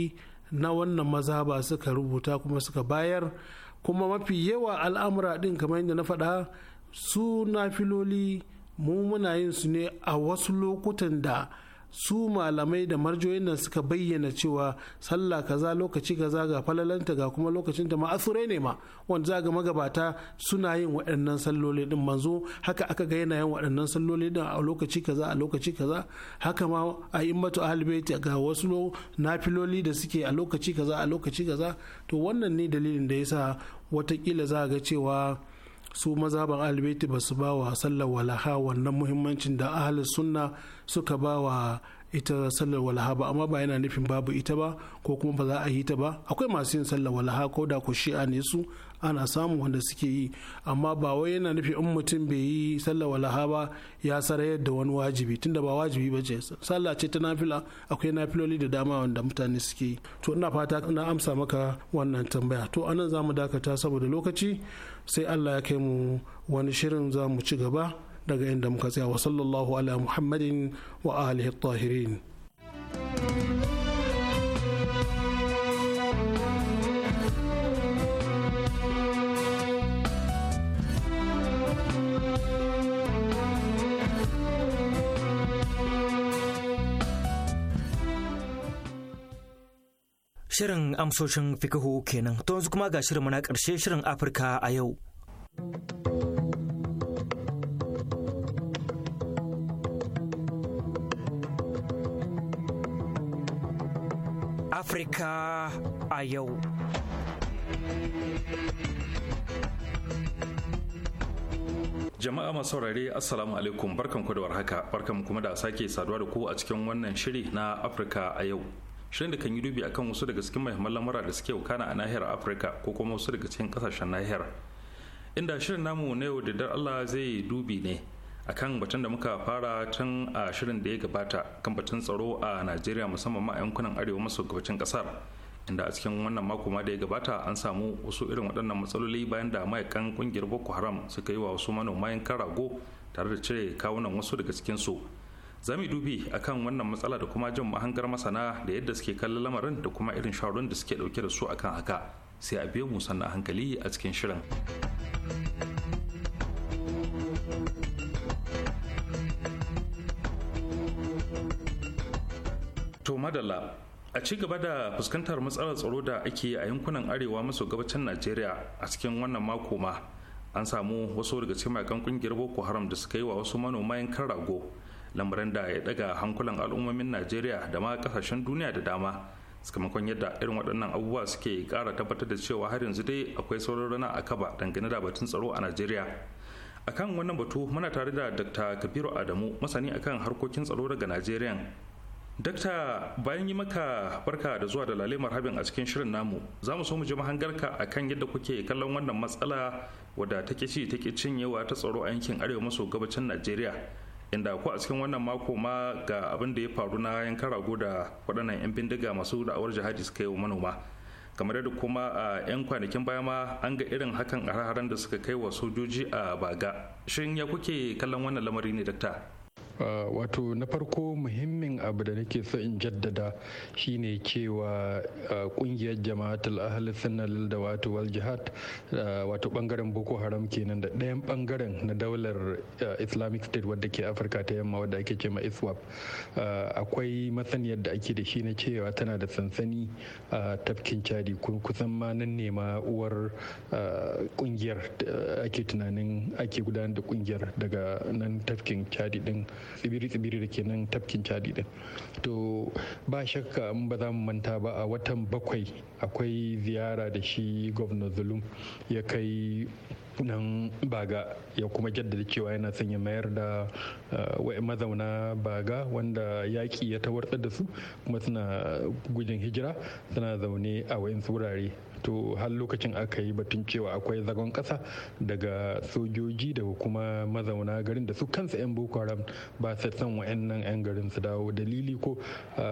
na wannan mazhaba suka rubuta kuma suka bayar kuma mafi yawa al'amura din kamar yadda na faɗa su nafiloli mu muna yin su ne a wasu lokutan da su malamai da marjoyin nan suka bayyana cewa sallah kaza lokaci kaza ga falalanta ga kuma lokacin da ma'asurai ne ma wanda za ga magabata suna yin waɗannan salloli din manzo haka aka ga yana yin waɗannan salloli din a lokaci kaza a lokaci kaza haka ma a immatu ahlbaiti ga wasu nafiloli da suke a lokaci kaza a lokaci kaza to wannan ne dalilin da ya sa watakila za ga cewa su mazhaban albaiti ba su ba wa sallar walaha wannan muhimmancin da ahalin sunna suka ba wa ita sallar walaha ba amma ba yana nufin babu ita ba ko kuma ba za a yi ta ba akwai masu yin sallar walaha ko da ku shi'a ne su ana samu wanda suke yi amma ba wai yana nufin in mutum bai yi sallar walaha ba ya sarayar da wani wajibi tunda ba wajibi ba ce sallah ce ta nafila akwai nafiloli da dama wanda mutane suke yi to ina fata na amsa maka wannan tambaya to anan zamu dakata saboda lokaci sai allah ya kai mu wani shirin za mu ci gaba daga inda muka tsaya wa sallallahu ala muhammadin wa alihi tahirin Shirin amsoshin fikihu kenan to yanzu kuma ga shirin na ƙarshe shirin Afirka a yau. Afirka a yau. Jama'a masu saurare Assalamu alaikum barkanku da warhaka barkanku kuma da sake saduwa da ku a cikin wannan shiri na Afirka a yau. shirin da kan yi dubi akan wasu daga cikin mahimman lamura da suke wakana a nahiyar afirka ko kuma wasu daga cikin kasashen nahiyar inda shirin namu na yau da dar allah zai dubi ne akan batun da muka fara tun a shirin da ya gabata kan batun tsaro a najeriya musamman ma yankunan arewa maso gabacin kasar inda a cikin wannan mako ma da ya gabata an samu wasu irin waɗannan matsaloli bayan da mayakan kungiyar boko haram suka yi wa wasu manoma yanka rago tare da cire kawunan wasu daga cikinsu su za mu dubi akan wannan matsala da kuma jin mahangar masana da yadda suke kallon lamarin da kuma irin shawarun da suke dauke da su akan haka sai a biyo mu sannan hankali a cikin shirin to madalla a ci gaba da fuskantar matsalar tsaro da ake a yankunan arewa maso gabacin najeriya a cikin wannan mako ma an samu wasu daga cikin makan kungiyar boko haram da suka yi wa wasu manoma yankan rago lamarin da ya daga hankulan al'ummomin najeriya da ma kasashen duniya da dama sakamakon yadda irin waɗannan abubuwa suke ƙara tabbatar da cewa har yanzu dai akwai sauran rana a kaba dangane da batun tsaro a najeriya akan wannan batu muna tare da dr kabiru adamu masani akan harkokin tsaro daga najeriya dakta bayan yi maka barka da zuwa da lale marhabin a cikin shirin namu za mu so mu ji mahangarka kan yadda kuke kallon wannan matsala wadda take ci take cinyewa ta tsaro a yankin arewa maso gabacin najeriya inda ku a cikin wannan mako ma ga abin da ya faru na yanka rago da waɗannan 'yan bindiga masu da'awar jihadi suka yi wa manoma kamar yadda kuma a 'yan kwanakin baya ma an ga irin hakan a da suka kai wa sojoji a baga shin ya kuke kallon wannan lamari ne dakta wato na farko muhimmin abu da nake so in jaddada shine cewa kungiyar jama'atul ahli sunna lil dawati wal jihad wato bangaren boko haram kenan da ɗayan bangaren na daular islamic state wadda ke afirka ta yamma wadda ake cewa iswap akwai masaniyar da ake da shi na cewa tana da sansani a tafkin chadi kusan ma nan ne ma uwar kungiyar ake tunanin ake gudanar da kungiyar daga nan tafkin chadi din tsibiri-tsibiri da ke nan tafkin chadi din to ba shakka in ba za mu manta ba a watan bakwai akwai ziyara da shi governor zulum ya kai nan baga ya kuma jaddada cewa yana son ya mayar da eh, mazauna baga wanda yaƙi ya tawartsar da su kuma suna gujin hijira suna zaune a wayansu wurare to har lokacin aka yi batun cewa akwai zagon kasa daga sojoji da kuma mazauna garin da su kansa 'yan boko haram ba su san wa'annan 'yan garin su dawo dalili ko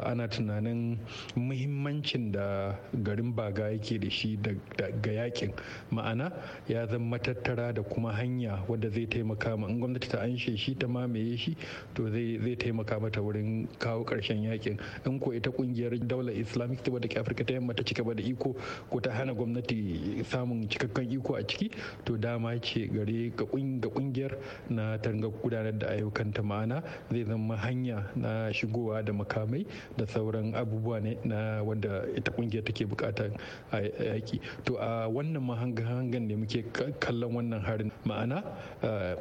ana tunanin muhimmancin da garin baga yake da shi daga yakin ma'ana ya zama matattara da kuma hanya wadda zai taimaka ma in gwamnati ta anshe shi ta mamaye shi to zai taimaka mata wurin kawo karshen yakin in ko ita kungiyar daular islamic ta wadda afirka ta yamma ta cika da iko ko ta hana gwamnati samun cikakken iko a ciki to dama ce gare ga kungiyar na targa gudanar da ayyukan ta ma'ana zai zama hanya na shigowa da makamai da sauran abubuwa ne na wanda ita kungiyar take bukata a yaki to a wannan mahangan ne muke kallon wannan harin ma'ana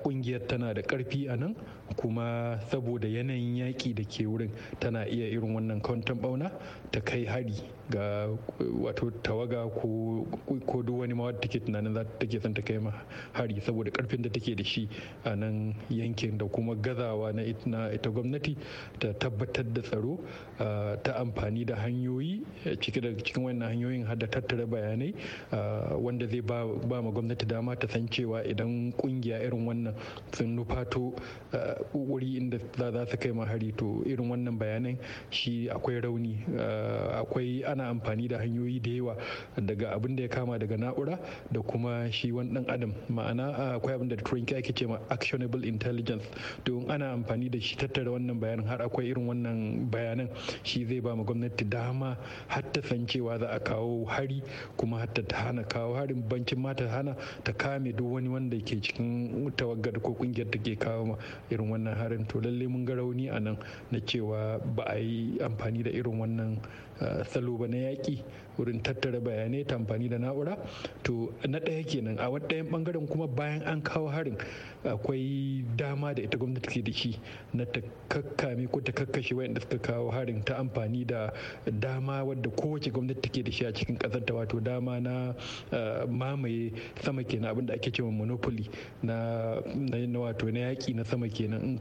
kungiyar tana da karfi a nan kuma saboda yanayin yaki da ke wurin tana iya irin wannan kwantan bauna ta kai hari ga wato tawaga ko ko duk wani ma wadda take tunanin za take son ta kai ma hari saboda karfin da take da shi a nan yankin da kuma gazawa na ita gwamnati ta tabbatar da tsaro ta amfani da hanyoyi eh, cike da cikin wannan hanyoyin hada tattara bayanai wanda zai ba ma gwamnati dama ta san cewa idan kungiya irin wannan sun nufato wuri inda za su kai ma hari to irin wannan bayanai shi akwai rauni akwai ana amfani da hanyoyi da yawa daga abin da ya kama daga na'ura da kuma shi wani dan adam ma'ana akwai abin da turanci ake ce ma actionable intelligence to ana amfani da shi tattara wannan bayanin har akwai irin wannan bayanan shi zai ba mu gwamnati dama har ta san cewa za a kawo hari kuma har ta hana kawo harin bankin mata hana ta kame duk wani wanda ke cikin tawaggar ko kungiyar da ke kawo irin wannan harin to lalle mun ga rauni a nan na cewa ba a yi amfani da irin wannan salo ba na yaƙi wurin tattara bayanai ta amfani da na'ura to na ɗaya kenan a ɗayan bangaren kuma bayan an kawo harin akwai dama da ita gwamnati ke da shi na ta kakkame ko ta kakkashe wayanda suka kawo harin ta amfani da dama wadda kowace gwamnati take da shi a cikin ƙasar ta wato dama na eh, mamaye sama kenan abinda ake cewa monopoly na wato na yaƙi na sama kenan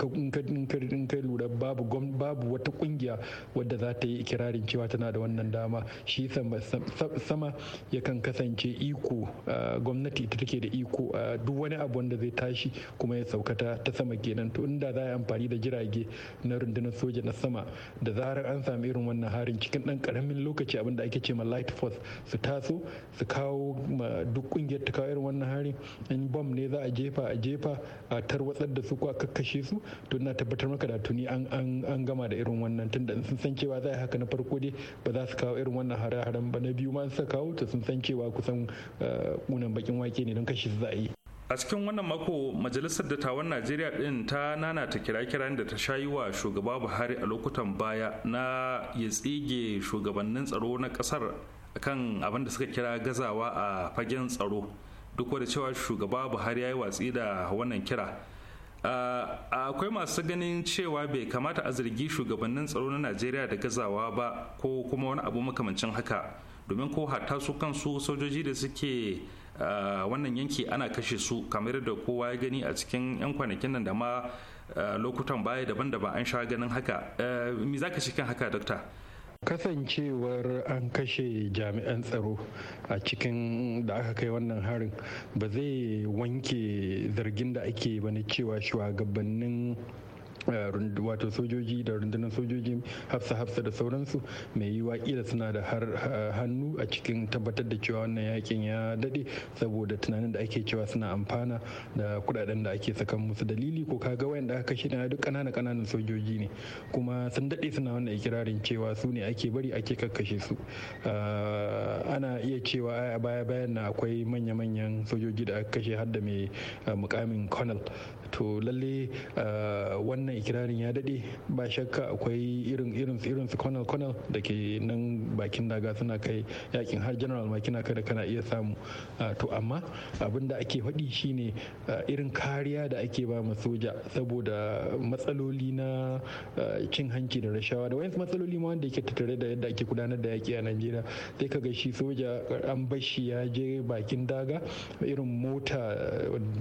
in ka lura babu babu wata ƙungiya wadda za ta yi ikirarin cewa tana da wannan dama shi sama ya kan kasance iko gwamnati ita take da iko duk wani abu wanda zai tashi kuma ya saukata ta sama kenan to inda za a yi amfani da jirage na rundunar soja na sama da zarar an sami irin wannan harin cikin dan karamin lokaci abin da ake ce ma light force su taso su kawo duk kungiyar ta kawo irin wannan harin in bom ne za a jefa a jefa a tarwatsar da su ko a kakkashe su to ina tabbatar maka da tuni an gama da irin wannan tunda sun san cewa za a haka na farko dai ba za su kawo irin wannan hare-haren ba abu na biyu ma suka kawo ta sun san cewa kusan kunan eh, bakin wake ne don kashi za a yi a cikin wannan mako majalisar dattawan najeriya din ta nana ta kira-kiran da ta shayi wa shugaba buhari a lokutan baya na ya tsige shugabannin tsaro na kasar kan abin da suka kira gazawa a fagen tsaro duk da cewa shugaba buhari ya yi watsi da wannan kira akwai masu ganin cewa bai kamata a zargi shugabannin tsaro na najeriya da gazawa ba ko kuma wani abu makamancin haka domin ko hatta su kansu sojoji da suke wannan yanki ana kashe su kamar yadda kowa ya gani a cikin 'yan kwanakin nan da ma lokutan baya daban-daban an sha ganin haka me za ka cikin haka dokta kasancewar an kashe jami'an tsaro a cikin da aka kai wannan harin ba zai wanke zargin da ake bane cewa shugabannin Eh, wato sojoji da rundunar sojoji hafsa hafsa da sauransu mai yiwa kila suna da har hannu a cikin tabbatar da cewa wannan yakin ya dade saboda tunanin da ake cewa suna amfana da kudaden da ake sakan musu dalili ko kaga da aka kashe na duk kanana kananan sojoji ne kuma sun dade suna wannan ikirarin cewa su ne ake bari ake kakkashe su eh, ana iya cewa a baya bayan na akwai manya-manyan sojoji da aka kashe har da mai eh, mukamin colonel to lalle eh, wannan ikirarin ya dade ba shakka akwai irin irin irin su colonel colonel da ke nan bakin daga suna kai yakin har general ma kina kada kana iya samu eh, to amma abin da ake faɗi shine eh, irin kariya da ake ba ma soja saboda matsaloli na cin hanci da rashawa da wayansu matsaloli ma wanda yake tattare da yadda ake gudanar da yaki a Najeriya sai kaga shi soja an bashi ya je bakin daga irin mota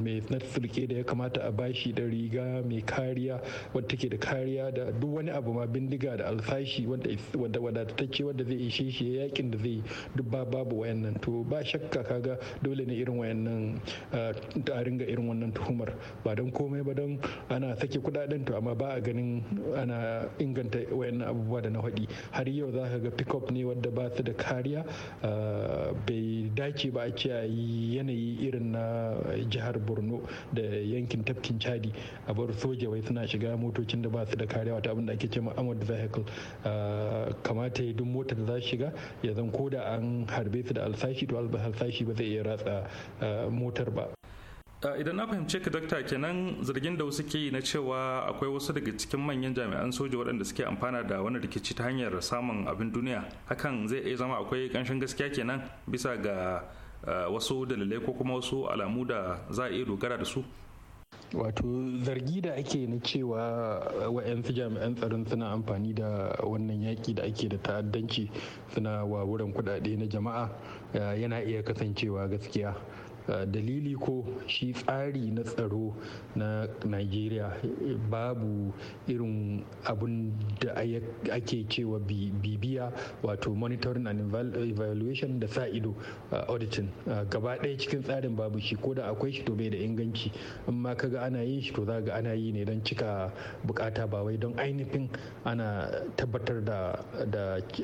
mai na sulke da ya kamata a bashi da riga mai kariya wadda take da kariya da duk wani abu ma bindiga da alfashi wadda wadatacce wadda zai ishe shi yakin da zai duk babu wayannan to ba shakka kaga dole ne irin wayannan ah, a ringa irin wannan tuhumar ba don komai ba don ana sake kudaden to amma ba a ganin ana inganta wayannan abubuwa da na haɗi har yau za ka ga up ne wadda ba su da kariya ah, bai dace ba a ce yanayi irin na jihar borno da yankin tafki tafkin chadi a bar soja wai suna shiga motocin da ba su da kariya wata abin da ake cewa armored vehicle ah, kamata ya duk motar da za shiga ya zan koda an harbe su da alsashi to alsashi ba zai iya ratsa ah, motar ba ah, idan na fahimce ka dakta kenan zargin da wasu ke yi na cewa akwai wasu daga cikin manyan jami'an soja waɗanda suke amfana da wani rikici ta hanyar samun abin duniya hakan zai iya zama akwai ƙanshin gaskiya kenan bisa ga wasu dalilai ko kuma wasu alamu da za a iya dogara da su wato zargi da ake na cewa wa'yansu jami'an tsaron suna amfani da wannan yaƙi da ake da ta'addanci suna wawuran kuɗaɗe na jama'a eh, yana iya kasancewa gaskiya dalili ko shi tsari na tsaro na nigeria babu irin abun da ake cewa bibiya wato monitoring and evaluation da sa ido uh, auditing uh, gaba ɗaya cikin tsarin babu shi ko da akwai shi to bai da inganci amma ka kaga ana yin shi to za ga ana yi ne don cika bukata ba wai don ainihin ana tabbatar da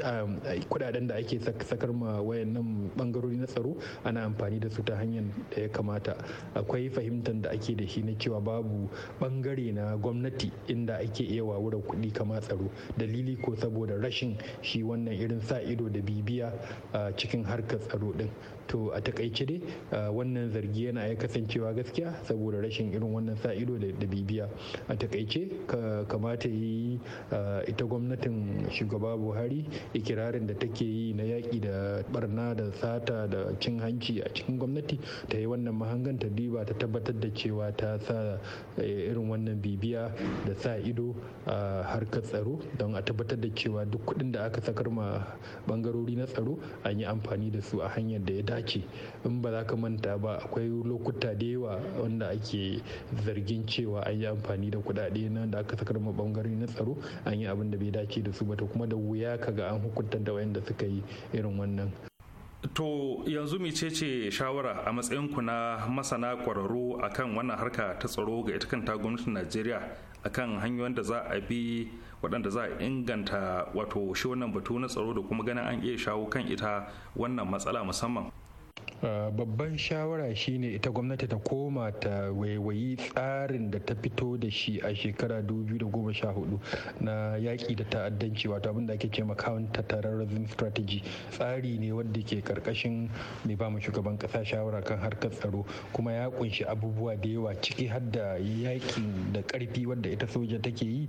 um, kudaden da ake sakar ma wayannan bangarori na tsaro ana amfani da su ta hanyar da ya kamata akwai fahimtar da ake da shi na cewa babu bangare na gwamnati inda ake iya wawura kuɗi kama tsaro dalili ko saboda rashin shi wannan irin sa ido da bibiya cikin harkar tsaro din to a takaice dai wannan zargi yana ya kasancewa gaskiya saboda rashin irin wannan sa ido da bibiya a takaice kamata yi ita gwamnatin shugaba buhari ikirarin da take yi na yaƙi da barna da sata da cin hanci a cikin gwamnati ta yi wannan mahangan ta duba ta tabbatar da cewa ta sa e, irin wannan bibiya da sa ido a harkar tsaro don a tabbatar da cewa duk kuɗin da aka sakar ma bangarori na tsaro an yi amfani da su a hanyar da ya dace in ba za ka manta ba akwai lokuta da yawa wanda ake zargin cewa an yi amfani da kuɗaɗe na da aka sakar ma bangare na tsaro an yi abin da bai dace da su ba to kuma da wuya ka ga an hukunta da wayanda suka yi irin wannan To yanzu mecece shawara a matsayinku na masana kwararru akan wannan harka ta tsaro ga ita kanta gwamnatin Najeriya akan hanyoyin da za a bi waɗanda za a inganta wato shi wannan batu na tsaro da kuma ganin an iya shawo kan ita wannan matsala musamman. babban shawara shine ita gwamnati ta koma ta waiwayi tsarin da ta fito da shi a shekara 2014 na yaƙi da ta'addanci wato abin da ake ce counter terrorism strategy tsari ne wanda ke karkashin mai ba mu shugaban ƙasa shawara kan harkar tsaro kuma ya kunshi abubuwa da yawa ciki har da yaƙin da ƙarfi wadda ita soja take yi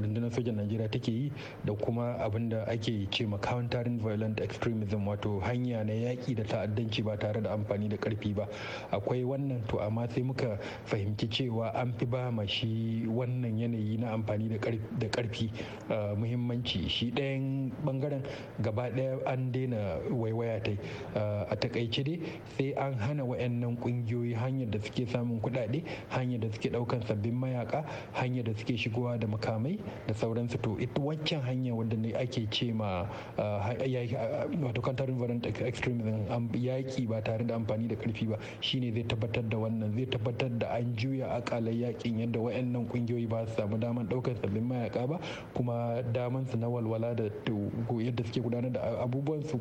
rundunar sojan najeriya take yi da kuma abin da ake ce countering violent extremism wato hanya na yaƙi da ta'addanci aiki ba tare da amfani da karfi ba akwai wannan to amma sai muka fahimci cewa an fi ba ma shi wannan yanayi na amfani da karfi ah, muhimmanci shi ɗayan bangaren gaba ɗaya an daina waiwaya ta ah, a takaice dai sai an hana wayannan kungiyoyi hanyar da suke samun kuɗaɗe hanyar da suke ɗaukan sabbin mayaka hanyar da suke shigowa da makamai da sauransu to ita waccan hanya wadda ne ake ce ma ah, wato counter extremism ya yaƙi ba tare da amfani da ƙarfi ba shi ne zai tabbatar da wannan zai tabbatar da an juya akalar yaƙin yadda wayannan ƙungiyoyi ba su samu daman ɗaukar sabbin mayaka ba kuma daman su na walwala da yadda suke gudanar da abubuwan su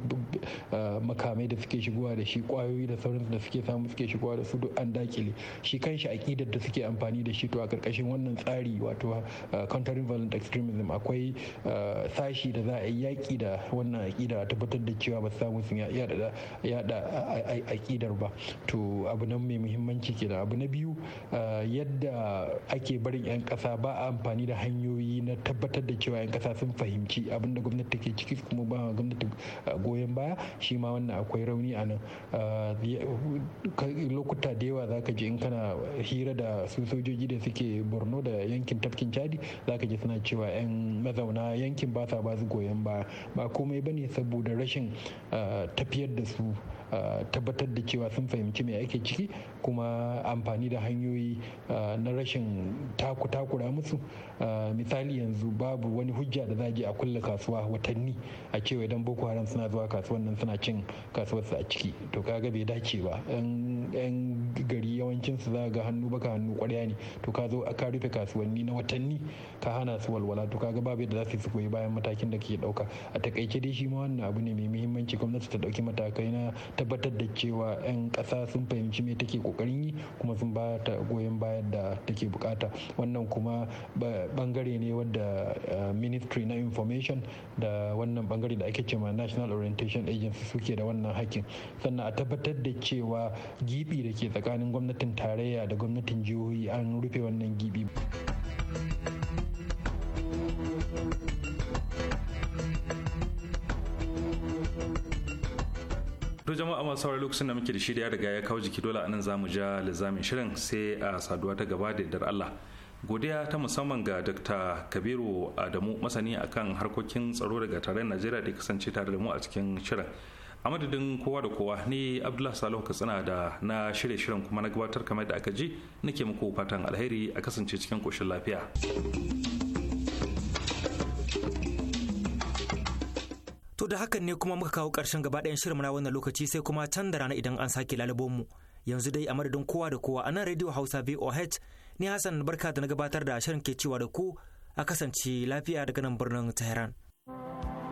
eh, makamai da suke shigowa da shi ƙwayoyi da sauransu da suke samu suke shigowa da su duk an dakile shi kanshi aƙidar da suke amfani da shi to a ƙarƙashin wannan tsari wato eh, countering violent extremism akwai eh, sashi da za a yi yaƙi da wannan aƙida a tabbatar da cewa ba su samu sun yada aƙidar ba to abu nan mai muhimmanci kenan abu na biyu yadda ake barin 'yan ƙasa ba a amfani da hanyoyi na tabbatar da cewa 'yan ƙasa sun fahimci abin da gwamnati take ciki kuma ba gwamnati goyon baya shi ma wannan akwai rauni a nan lokuta da yawa za ka ji in kana hira da su sojoji da suke borno da yankin tafkin chadi ka ji suna cewa 'yan mazauna yankin ba sa ba su goyon baya ba komai ba ne saboda rashin tafiyar da su tabbatar da cewa sun fahimci me ake ciki kuma amfani da hanyoyi na rashin takura musu misali yanzu babu wani hujja da za je a kulle kasuwa watanni a cewa idan boko haram suna zuwa kasuwan nan suna cin su a ciki to kaga bai dace ba yan gari yawancin su za ga hannu baka hannu kwarya ne to ka zo ka rufe kasuwanni na watanni ka hana su walwala to kaga babu yadda za su koyi bayan matakin da ke dauka a takaice dai shi ma wannan abu ne mai muhimmanci gwamnati ta dauki matakai na tabbatar da cewa 'yan kasa sun fahimci me take ƙoƙarin yi kuma sun ba ta goyon bayan da take bukata wannan kuma bangare ne wadda eh, ministry na information da wannan bangare da ake cewa national orientation agency suke da wannan hakkin sannan a tabbatar da cewa gibi da ke tsakanin gwamnatin tarayya da gwamnatin jihohi an rufe wannan gibi. to jama'a masu saurayi lokacin da muke da shirya daga ya kawo jiki dole anan zamu ja lizamin shirin sai a saduwa ta gaba da dar Allah godiya ta musamman ga Dr. Kabiru Adamu masani akan harkokin tsaro daga tarayyar Najeriya da kasance tare da mu a cikin shirin a madadin kowa da kowa ni Abdullahi Salihu Katsina da na shirye shirin kuma na gabatar kamar da aka ji nake muku fatan alheri a kasance cikin koshin lafiya. To da hakan ne kuma muka kawo ƙarshen gaba ɗayan shirin na wannan lokaci sai kuma can da rana idan an sake lalubon mu. Yanzu dai a madadin kowa da kowa a nan Radio Hausa VOH ni Hassan barka da na gabatar da shirin ke cewa da ku a kasance lafiya daga nan birnin Tehran.